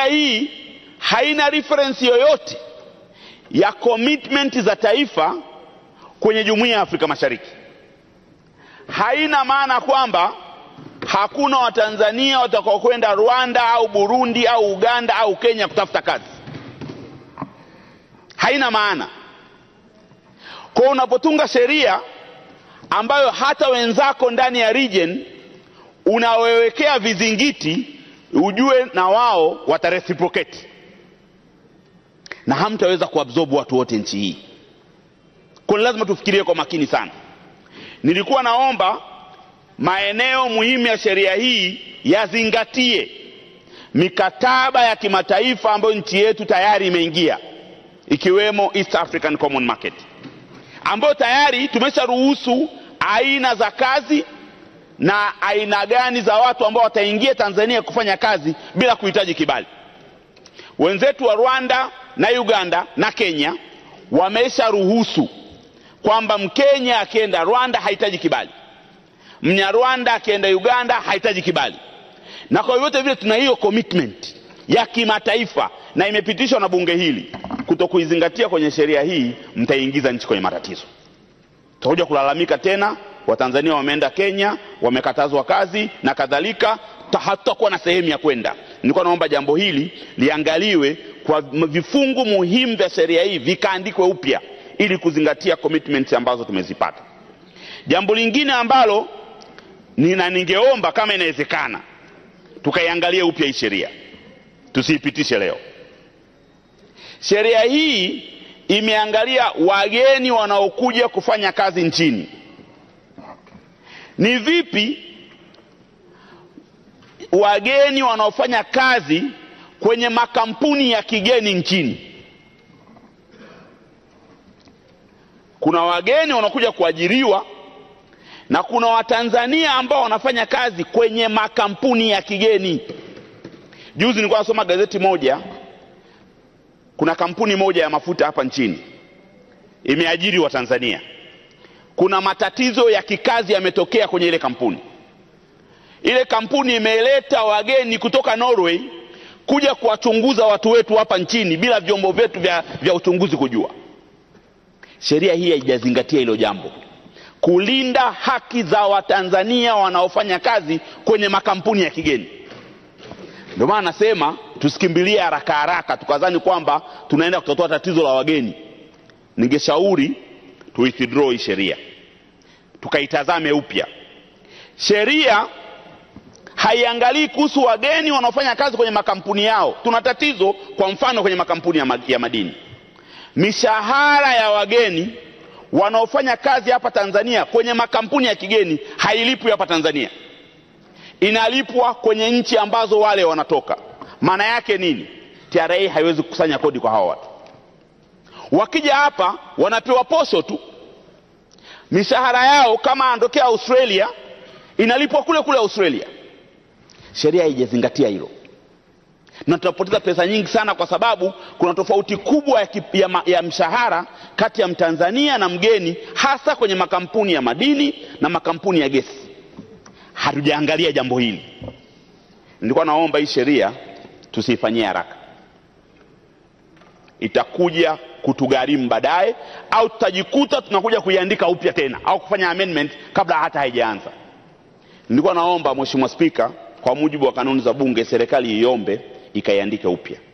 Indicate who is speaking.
Speaker 1: Haya, hii haina reference yoyote ya commitment za taifa kwenye jumuiya ya Afrika Mashariki. Haina maana kwamba hakuna Watanzania watakaokwenda Rwanda au Burundi au Uganda au Kenya kutafuta kazi, haina maana. Kwa unapotunga sheria ambayo hata wenzako ndani ya region unawewekea vizingiti ujue na wao wataresipoketi na hamtaweza kuabsorb watu wote nchi hii kwani lazima tufikirie kwa makini sana nilikuwa naomba maeneo muhimu ya sheria hii yazingatie mikataba ya kimataifa ambayo nchi yetu tayari imeingia ikiwemo East African Common Market ambayo tayari tumesharuhusu aina za kazi na aina gani za watu ambao wataingia Tanzania kufanya kazi bila kuhitaji kibali. Wenzetu wa Rwanda na Uganda na Kenya wamesha ruhusu kwamba Mkenya akienda Rwanda hahitaji kibali, Mnyarwanda akienda Uganda hahitaji kibali, na kwa vyote vile tuna hiyo commitment ya kimataifa na imepitishwa na bunge hili. Kutokuizingatia kwenye sheria hii, mtaingiza nchi kwenye matatizo. Tutakuja kulalamika tena. Watanzania wameenda Kenya, wamekatazwa kazi na kadhalika, hatutakuwa na sehemu ya kwenda. Nilikuwa naomba jambo hili liangaliwe kwa vifungu muhimu vya sheria hii vikaandikwe upya ili kuzingatia commitments ambazo tumezipata. Jambo lingine ambalo nina ningeomba kama inawezekana tukaiangalie upya hii sheria, tusiipitishe leo. Sheria hii imeangalia wageni wanaokuja kufanya kazi nchini ni vipi wageni wanaofanya kazi kwenye makampuni ya kigeni nchini. Kuna wageni wanaokuja kuajiriwa na kuna Watanzania ambao wanafanya kazi kwenye makampuni ya kigeni. Juzi nilikuwa nasoma gazeti moja, kuna kampuni moja ya mafuta hapa nchini imeajiri Watanzania kuna matatizo ya kikazi yametokea kwenye ile kampuni. Ile kampuni imeleta wageni kutoka Norway kuja kuwachunguza watu wetu hapa nchini bila vyombo vyetu vya, vya uchunguzi kujua. Sheria hii haijazingatia hilo jambo, kulinda haki za Watanzania wanaofanya kazi kwenye makampuni ya kigeni. Ndio maana nasema tusikimbilie haraka haraka tukadhani kwamba tunaenda kutatua tatizo la wageni. Ningeshauri tuwithdraw hii sheria tukaitazame upya. Sheria haiangalii kuhusu wageni wanaofanya kazi kwenye makampuni yao. Tuna tatizo, kwa mfano, kwenye makampuni ya madini, mishahara ya wageni wanaofanya kazi hapa Tanzania kwenye makampuni ya kigeni hailipwi hapa Tanzania, inalipwa kwenye nchi ambazo wale wanatoka. Maana yake nini? TRA haiwezi kukusanya kodi kwa hawa watu. Wakija hapa wanapewa posho tu, mishahara yao kama andokea Australia inalipwa kule kule Australia. Sheria haijazingatia hilo na tunapoteza pesa nyingi sana, kwa sababu kuna tofauti kubwa ya, ya, ya mshahara kati ya mtanzania na mgeni, hasa kwenye makampuni ya madini na makampuni ya gesi. Hatujaangalia jambo hili. Nilikuwa naomba hii sheria tusiifanyie haraka, itakuja kutugharimu baadaye, au tutajikuta tunakuja kuiandika upya tena au kufanya amendment kabla hata haijaanza. Nilikuwa naomba Mheshimiwa Spika, kwa mujibu wa kanuni za Bunge, serikali iombe ikaiandike upya.